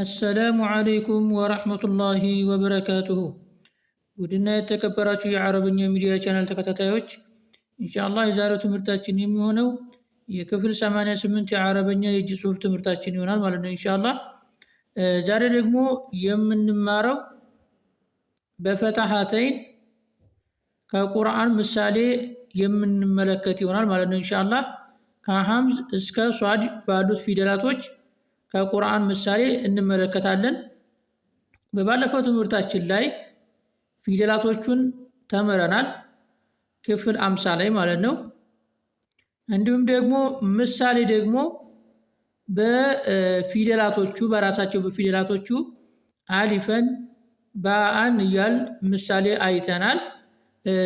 አሰላሙ አለይኩም ወራህመቱላሂ ወበረካቱሁ። ውድና የተከበራችሁ የአረብኛ ሚዲያ ቻናል ተከታታዮች ኢንሻአላህ የዛሬው ትምህርታችን የሚሆነው የክፍል 88 የአረበኛ የእጅ ጽሁፍ ትምህርታችን ይሆናል ማለት ነው እንሻላ ዛሬ ደግሞ የምንማረው በፈታሐተይን ከቁርአን ምሳሌ የምንመለከት ይሆናል ማለት ነው እንሻላ ከሐምዝ እስከ ሷድ ባሉት ፊደላቶች ከቁርአን ምሳሌ እንመለከታለን። በባለፈው ትምህርታችን ላይ ፊደላቶቹን ተምረናል፣ ክፍል አምሳ ላይ ማለት ነው። እንዲሁም ደግሞ ምሳሌ ደግሞ በፊደላቶቹ በራሳቸው በፊደላቶቹ አሊፈን ባአን እያል ምሳሌ አይተናል።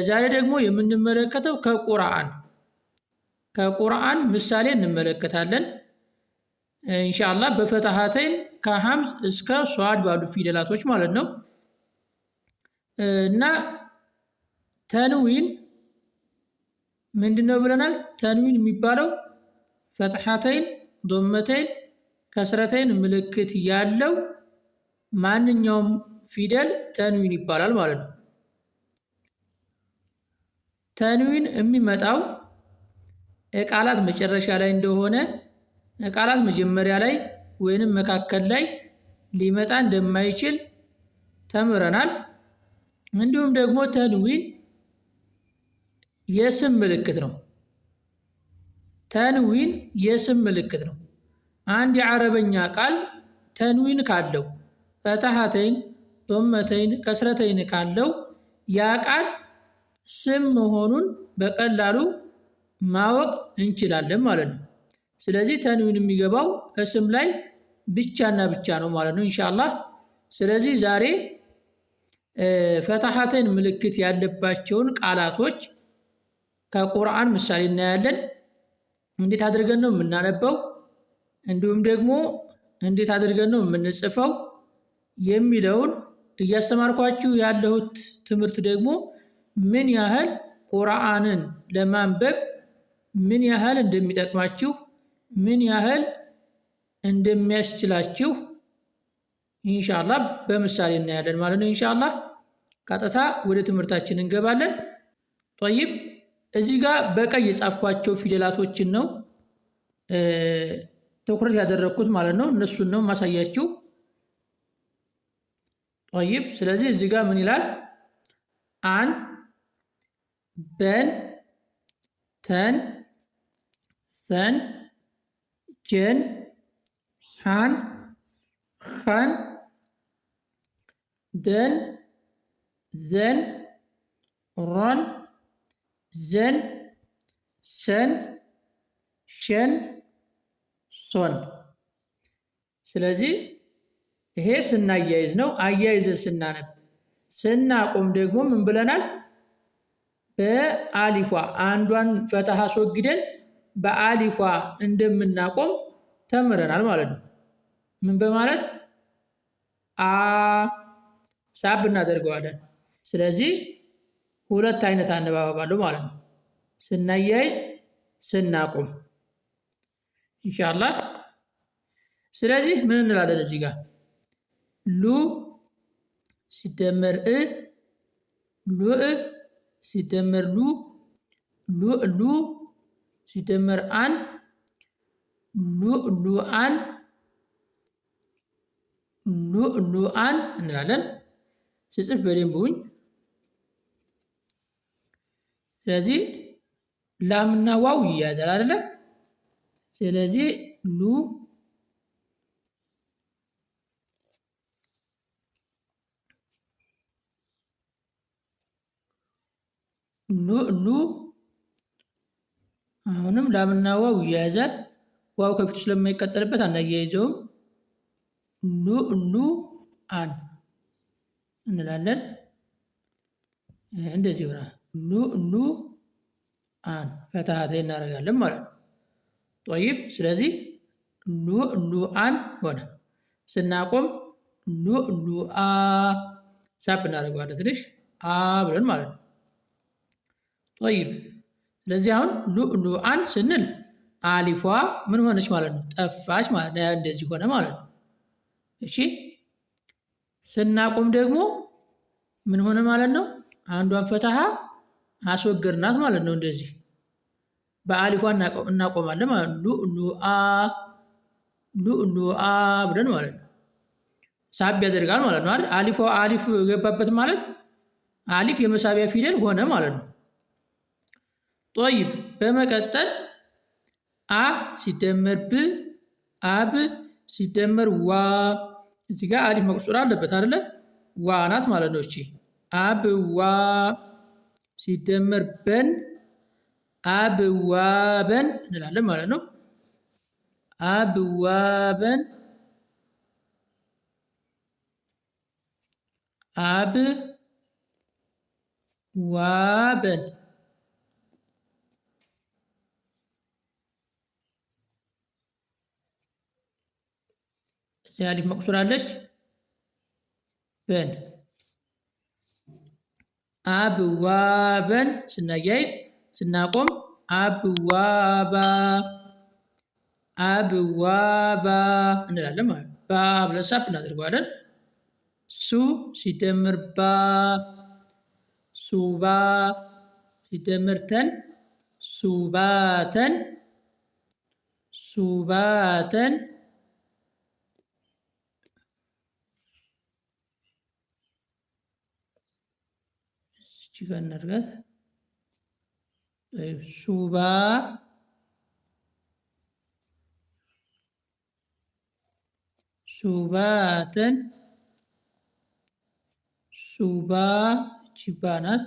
ዛሬ ደግሞ የምንመለከተው ከቁርአን ከቁርአን ምሳሌ እንመለከታለን። ኢንሻአላህ በፈትሐተይን ከሐምዝ እስከ ሷድ ባሉ ፊደላቶች ማለት ነው። እና ተንዊን ምንድን ነው ብለናል? ተንዊን የሚባለው ፈትሐተይን፣ ዶመተይን፣ ከስረተይን ምልክት ያለው ማንኛውም ፊደል ተንዊን ይባላል ማለት ነው። ተንዊን የሚመጣው የቃላት መጨረሻ ላይ እንደሆነ ቃላት መጀመሪያ ላይ ወይንም መካከል ላይ ሊመጣ እንደማይችል ተምረናል። እንዲሁም ደግሞ ተንዊን የስም ምልክት ነው። ተንዊን የስም ምልክት ነው። አንድ የዓረበኛ ቃል ተንዊን ካለው ፈትሐተይን፣ ዶመተይን፣ ከስረተይን ካለው ያ ቃል ስም መሆኑን በቀላሉ ማወቅ እንችላለን ማለት ነው። ስለዚህ ተንዊን የሚገባው እስም ላይ ብቻና ብቻ ነው ማለት ነው ኢንሻአላህ። ስለዚህ ዛሬ ፈትሐተን ምልክት ያለባቸውን ቃላቶች ከቁርአን ምሳሌ እናያለን። እንዴት አድርገን ነው የምናነበው፣ እንዲሁም ደግሞ እንዴት አድርገን ነው የምንጽፈው የሚለውን እያስተማርኳችሁ ያለሁት ትምህርት ደግሞ ምን ያህል ቁርአንን ለማንበብ ምን ያህል እንደሚጠቅማችሁ ምን ያህል እንደሚያስችላችሁ እንሻላ በምሳሌ እናያለን ማለት ነው። ኢንሻላ ቀጥታ ወደ ትምህርታችን እንገባለን። ጦይብ እዚህ ጋር በቀይ የጻፍኳቸው ፊደላቶችን ነው ትኩረት ያደረግኩት ማለት ነው። እነሱን ነው ማሳያችሁ። ጦይብ ስለዚህ እዚህ ጋር ምን ይላል? አን በን ተን ሰን ጀን ሃን ሃን ደን ዘን ሮን ዘን ሰን ሸን ሶን። ስለዚህ ይሄ ስናያይዝ ነው። አያይዘን ስናነብ ስናቆም ደግሞ ምን ብለናል? በአሊፏ አንዷን ፈትሐ አስወግደን በአሊፏ እንደምናቆም ተምረናል ማለት ነው። ምን በማለት አ ሳብ እናደርገዋለን። ስለዚህ ሁለት አይነት አነባበብ አለው ማለት ነው። ስናያይዝ፣ ስናቁም ኢንሻአላህ። ስለዚህ ምን እንላለን እዚህ ጋር ሉ ሲደመር እ ሉእ ሲደመር ሉ ሉ ሲደመር አን ሉዑሉአን ሉዑሉአን እንላለን። ስጽፍ በደንብ ውኝ ስለዚህ ላምና ዋው ይያዛል አይደለ? ስለዚህ ሉ ሉዑሉ አሁንም ላምና ዋው ይያዛል። ዋው ከፊቱ ስለማይቀጠልበት አናያይዘውም። ኑ ኑ አን እንላለን። እንደዚህ ሆና ኑ ኑ አን ፈትሀት እናደርጋለን ማለት ነው። ጦይብ ስለዚህ ኑ ኑ አን ሆነ። ስናቆም ኑ ኑ አ ሳብ እናደርገዋለን ትንሽ አ ብለን ማለት ነው። ጦይብ ስለዚህ አሁን ኑ ኑ አን ስንል አሊፏ ምን ሆነች ማለት ነው? ጠፋች ማለት ነው። እንደዚህ ሆነ ማለት ነው። እሺ ስናቆም ደግሞ ምን ሆነ ማለት ነው? አንዷን ፈትሃ አስወግርናት ማለት ነው። እንደዚህ በአሊፏ እናቆማለን ማለት ነው። ሉሉአ ሉሉአ ብለን ማለት ነው። ሳቢ ያደርጋል ማለት ነው። አሊፏ አሊፍ የገባበት ማለት አሊፍ የመሳቢያ ፊደል ሆነ ማለት ነው። ጦይብ በመቀጠል አ ሲደመር ብ አብ ሲደመር ዋ እዚህ ጋር አሊፍ መቁሱራ አለበት አይደለ? ዋ ናት ማለት ነው። እቺ አብ ዋ ሲደመር በን አብ ዋ በን እንላለን ማለት ነው። አብ ዋ በን አብ ዋ በን አሊፍ መቅሱር አለች። በን አብዋበን ስናያይዝ ስናቆም አብዋባ አብዋባ እንላለን ማለት ነው። ባ ብለን ሳብ እናደርገዋለን። ሱ ሲደምር ባ ሱባ ሲደምር ሱባተን ሱባተን እቺ ጋር እናድርጋት። ሱባ ሱባተን ሱባ ቺባ ናት።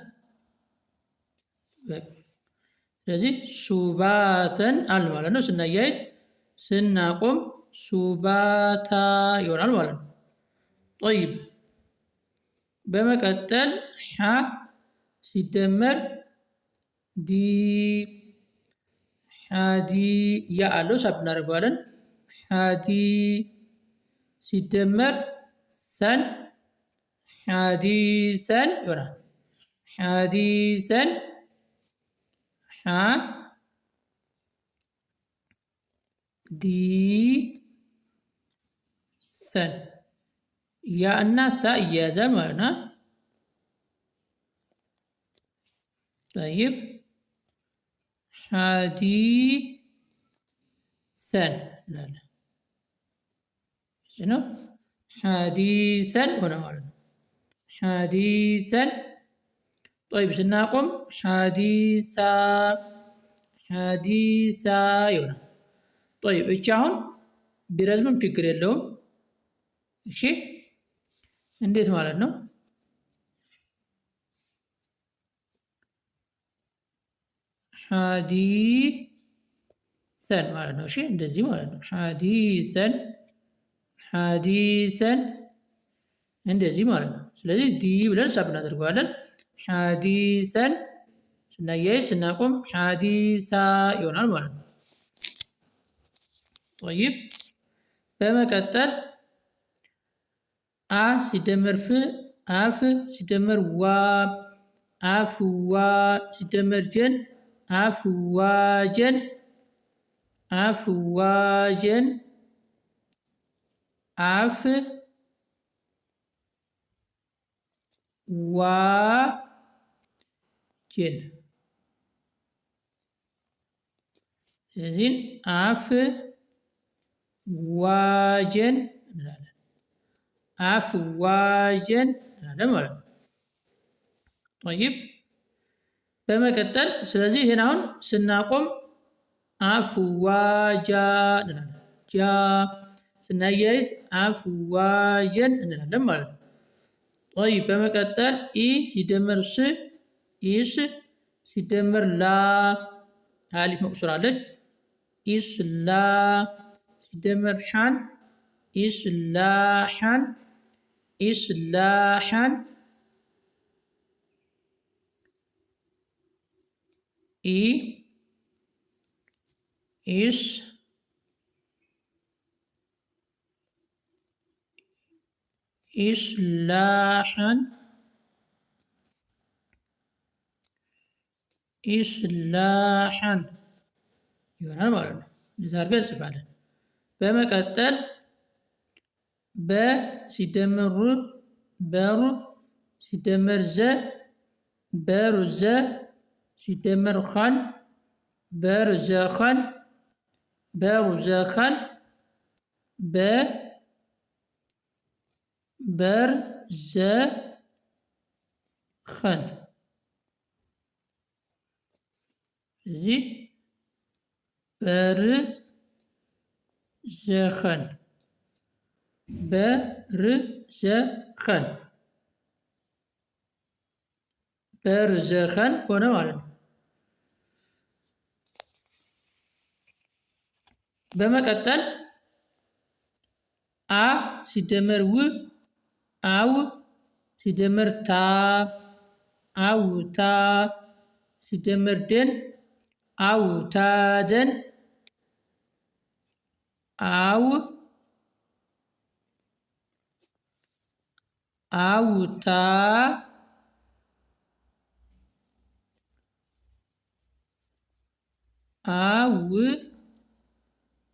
ስለዚህ ሱባትን አል ማለት ነው። ስናያይዝ ስናቆም ሱባታ ይሆናል ማለት ነው። ጠይብ በመቀጠል ሲደመር ዲ ሓዲ ያ አለው ሳብ እናደርገዋለን። ሓዲ ሲደመር ሰን ሓዲሰን ይሆናል። ሰን ሓ ዲ ሰን ያ እና ሳ እያያዛል ማለት ነው። طيب حديثا لا لا شنو حديثا هنا ورد حديثا طيب شنو نقوم حديثا حديثا يونا طيب ايش هون برزمم فكر شيء عندي እንዴት ማለት ነው ሓዲሰን ማለት ነው። እሺ እንደዚህ ማለት ነው። ሓዲሰን ሓዲሰን እንደዚህ ማለት ነው። ስለዚህ ዲ ብለን ሳብ እናደርገዋለን። ሓዲሰን ስናያይ ስናቆም ሓዲሳ ይሆናል ማለት ነው። ጠይብ በመቀጠል አ ሲደመር ፍ አፍ ሲደመር ዋ አፍ ዋ ሲደመር ጀን أفواجا أفواجا أف واجن زين أف واجن أفواجا هذا طيب በመቀጠል ስለዚህ ይህን አሁን ስናቆም አፍዋ ጃ እንላለን። ጃ ስናያይዝ አፍዋጀን እንላለን ማለት ነው። ይ በመቀጠል ኢ ሲደመር ስ ኢስ ሲደመር ላ አሊፍ መቁሱራለች። ላ ሲደመር ሓን ኢስላሓን ሓን и из إصلاحا إصلاحا يبقى أنا لتربية فعلا በመቀጠል በ ሲደመር زه بارو ሲደመር شتمرخا برزخا برزخا ب برزخا زي برزخا برزخا برزخا ونوالد በመቀጠል አ ሲደመር ው አው ሲደመር ታ አውታ ሲደመር ደን አውታደን አው አውታ አው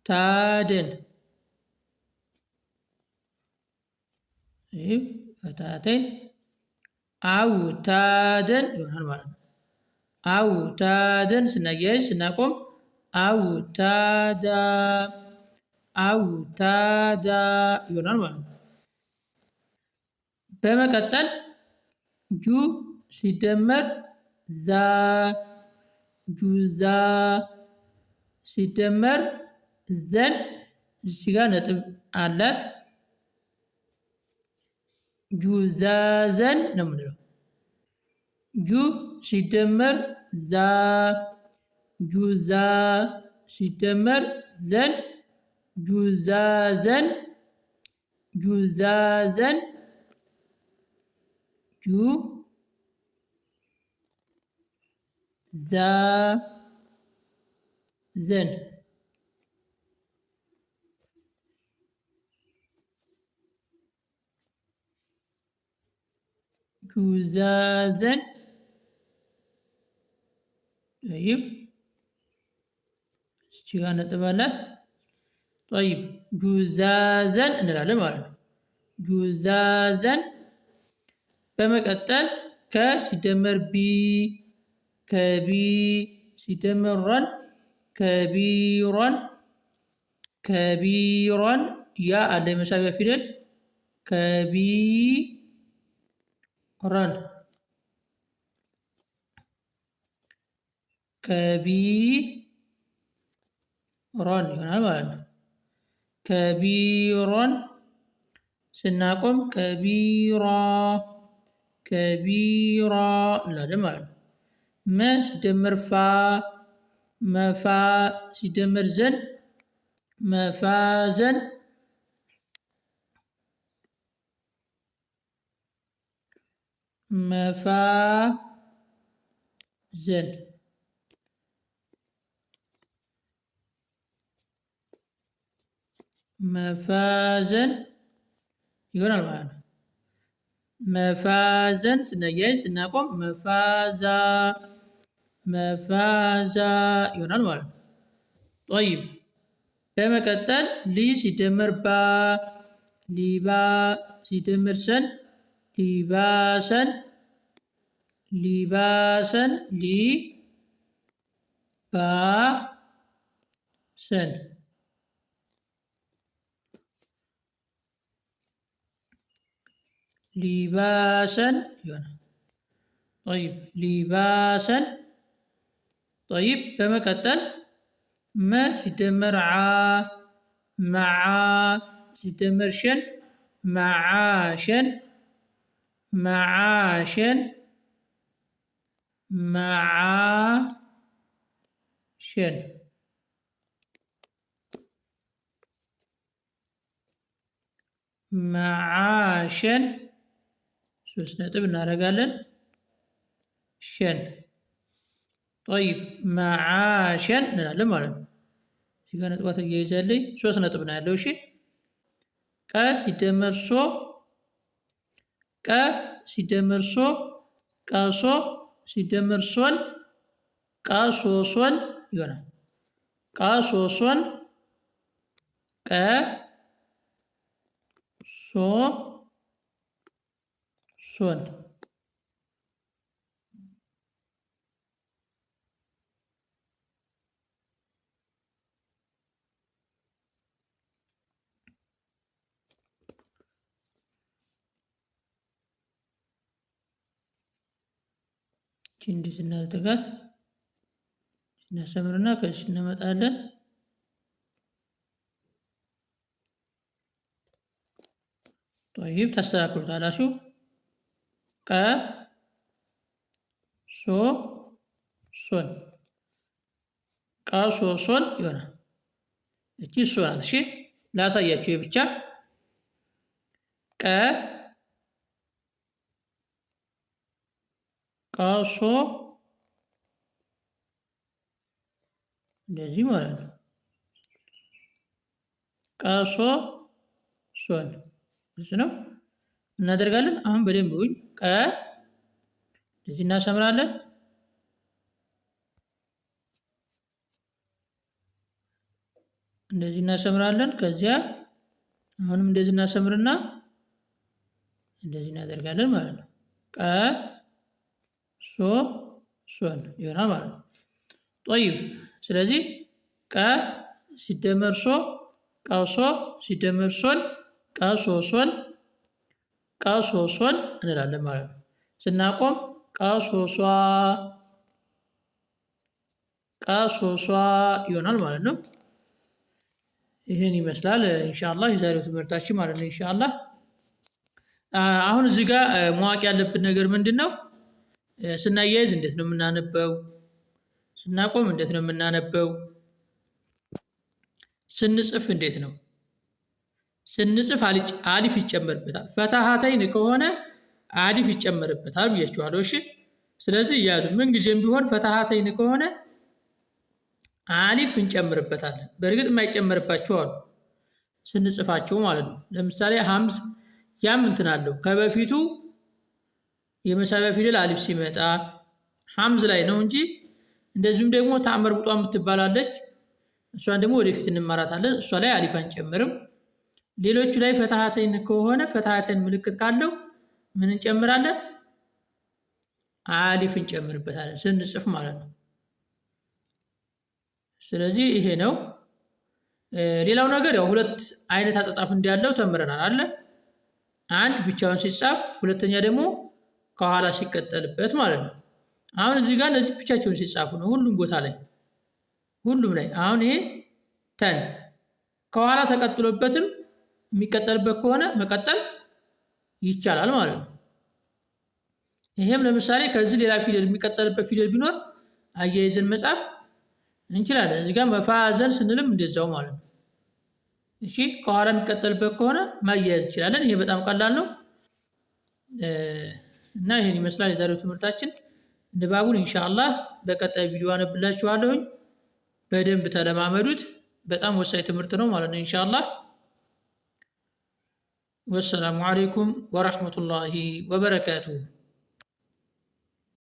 ታድን ይህ ፈታተን ታደን ይሆናል ማለት ነው። ታደን ስናያይዝ ስናቆም አው አውታዳ ይሆናል ማለት ነው። በመቀጠል ጁ ሲደመር ዛ ጁዛ ሲደመር ዘን እዚህ ነጥብ አላት። ጁዛዘን ነው የምንለው። ጁ ሲደመር ዛ፣ ጁዛ ሲደመር ዘን፣ ጁዛዘን፣ ጁዛዘን፣ ጁ ዛ ዘን ኩዛዘን ጠይብ እስቲ ጋር ነጥብ አላት። ጠይብ ጉዛዘን እንላለን ማለት ነው። ጁዛዘን በመቀጠል ከሲደመር ቢ ከቢ ሲደመር ረን ከቢሮን ከቢሮን ያ አለ መሳቢያ ፊደል ከቢ run كبيرا يعني كبيرا سنقوم كبيرا كبيرا لا جمال نعم. ما ستمر فا ما فا ستمر زن ما زن መፋዘን መፋዘን ይሆናል ማለት ነው። መፋዘን ስናያይ ስናቆም መፋዛ መፋዛ ይሆናል ማለት ነው። ጠይብ በመቀጠል ሊ ሲደመር ባ ሊባ ሲደመር ሰን لباسا لباسا لباسا لباسا طيب لباسا طيب كما كتل ما ستمر ع مع ستمر شن معاشا መዓሽን መዓሽን መዓሽን ሶስት ነጥብ እናደርጋለን። ሸን ጠይብ መዓሸን እንላለን ማለት ነው። እዚህ ጋ ነጥባት እያይዛለኝ ሶስት ነጥብ ነው ያለው። እሺ ቀ ሲደመር ሶ ቀ ሲደምር ሶ ቀሶ ሲደምር ሶን ቀሶሶን ይሆናል። ቀሶሶን ቀ ሶ ሶን እቺ እንዲህ ስናደርጋት እናሰምርና ከዚህ እንመጣለን። ጦይብ ታስተካክሉታላችሁ። ቀ ሶ ሶን ቀ ሶ ሶን ይሆናል። እቺ ሶ ናት። እሺ ላሳያችሁ ብቻ ቀ ቃሶ እንደዚህ ማለት ነው። ቃሶ ሶን ግልጽ ነው። እናደርጋለን። አሁን በደንብ ውኝ ቀ እንደዚህ እናሰምራለን። እንደዚህ እናሰምራለን። ከዚያ አሁንም እንደዚህ እናሰምርና እንደዚህ እናደርጋለን ማለት ነው። ቀ ሶ ሶን ይሆናል ማለት ነው። ጦይብ ስለዚህ ቀ ሲደመር ሶ ቀሶ ሲደመር ሶን ቀሶ ሶን ቀሶ ሶን እንላለን ማለት ነው። ስናቆም ቀሶ ሷ ቀሶ ሷ ይሆናል ማለት ነው። ይህን ይመስላል ኢንሻአላህ የዛሬው ትምህርታችን ማለት ነው። ኢንሻአላህ አሁን እዚህ ጋር መዋቅ ያለብን ነገር ምንድን ነው? ስናያይዝ እንዴት ነው የምናነበው? ስናቆም እንዴት ነው የምናነበው? ስንጽፍ እንዴት ነው ስንጽፍ? አሊፍ ይጨመርበታል። ፈታሃተይን ከሆነ አሊፍ ይጨመርበታል ብያችኋለሁ። እሺ፣ ስለዚህ እያዙ ምንጊዜም ቢሆን ፈታሃተይን ከሆነ አሊፍ እንጨምርበታለን። በእርግጥ የማይጨመርባቸው አሉ፣ ስንጽፋቸው ማለት ነው። ለምሳሌ ሀምዝ ያም እንትን አለው ከበፊቱ የመሳቢያ ፊደል አሊፍ ሲመጣ ሐምዝ ላይ ነው እንጂ እንደዚሁም ደግሞ ተአመር ቡጧ የምትባላለች እሷን ደግሞ ወደፊት እንማራታለን። እሷ ላይ አሊፍ አንጨምርም። ሌሎቹ ላይ ፈትሐተይን ከሆነ ፈትሐተይን ምልክት ካለው ምን እንጨምራለን? አሊፍ እንጨምርበታለን ስንጽፍ ማለት ነው። ስለዚህ ይሄ ነው። ሌላው ነገር ያው ሁለት አይነት አጻጻፍ እንዳለው ተምረናል አለ አንድ ብቻውን ሲጻፍ፣ ሁለተኛ ደግሞ ከኋላ ሲቀጠልበት ማለት ነው። አሁን እዚህ ጋር እነዚህ ብቻቸውን ሲጻፉ ነው ሁሉም ቦታ ላይ ሁሉም ላይ አሁን ይሄ ተን ከኋላ ተቀጥሎበትም የሚቀጠልበት ከሆነ መቀጠል ይቻላል ማለት ነው። ይሄም ለምሳሌ ከዚህ ሌላ ፊደል የሚቀጠልበት ፊደል ቢኖር አያይዘን መጻፍ እንችላለን። እዚህ ጋር መፋዘን ስንልም እንደዛው ማለት ነው። እሺ ከኋላ የሚቀጠልበት ከሆነ ማያያዝ እንችላለን። ይሄ በጣም ቀላል ነው። እና ይህን ይመስላል የዛሬው ትምህርታችን። ንባቡን ኢንሻአላህ በቀጣይ ቪዲዮ አነብላችኋለሁኝ። በደንብ ተለማመዱት። በጣም ወሳኝ ትምህርት ነው ማለት ነው ኢንሻአላህ። ወሰላሙ አለይኩም ወራህመቱላሂ ወበረካቱሁ።